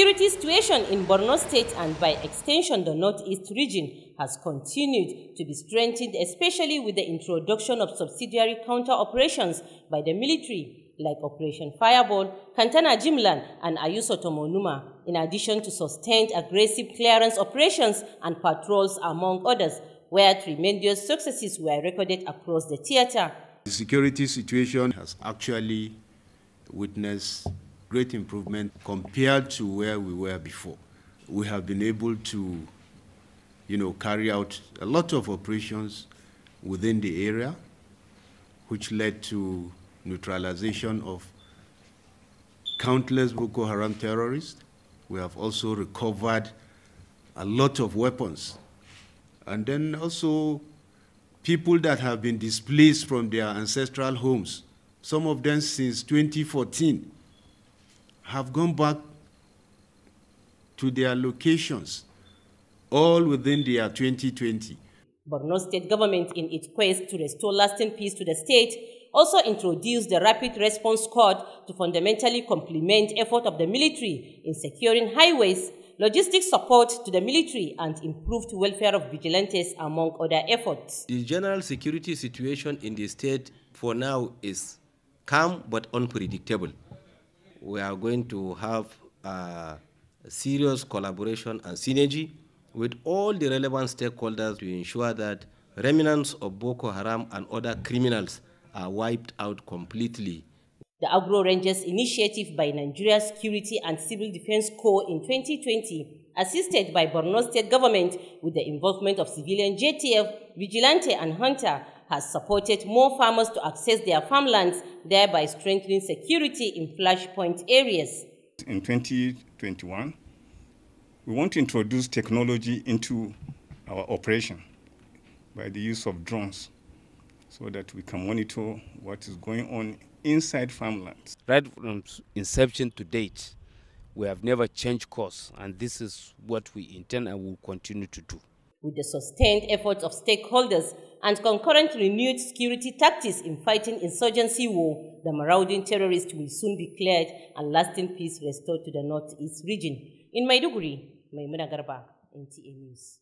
security situation in Borno State and by extension the Northeast region has continued to be strengthened, especially with the introduction of subsidiary counter operations by the military, like Operation Fireball, Kantana Jimlan, and Ayuso Tomonuma, in addition to sustained aggressive clearance operations and patrols, among others, where tremendous successes were recorded across the theater. The security situation has actually witnessed great improvement compared to where we were before. We have been able to, you know, carry out a lot of operations within the area, which led to neutralization of countless Boko Haram terrorists. We have also recovered a lot of weapons. And then also people that have been displaced from their ancestral homes, some of them since 2014 have gone back to their locations, all within the year 2020. Borno state government, in its quest to restore lasting peace to the state, also introduced the Rapid Response Squad to fundamentally complement effort of the military in securing highways, logistic support to the military, and improved welfare of vigilantes, among other efforts. The general security situation in the state for now is calm but unpredictable we are going to have serious collaboration and synergy with all the relevant stakeholders to ensure that remnants of Boko Haram and other criminals are wiped out completely. The Agro Rangers initiative by Nigeria Security and Civil Defense Corps in 2020, assisted by Borno State government with the involvement of civilian JTF, vigilante and hunter, has supported more farmers to access their farmlands, thereby strengthening security in flashpoint areas. In 2021, we want to introduce technology into our operation by the use of drones so that we can monitor what is going on inside farmlands. Right from inception to date, we have never changed course, and this is what we intend and will continue to do. With the sustained efforts of stakeholders, and concurrent renewed security tactics in fighting insurgency war, the marauding terrorists will soon be cleared and lasting peace restored to the northeast region. In Maiduguri, Maimuna Garba, NTA News.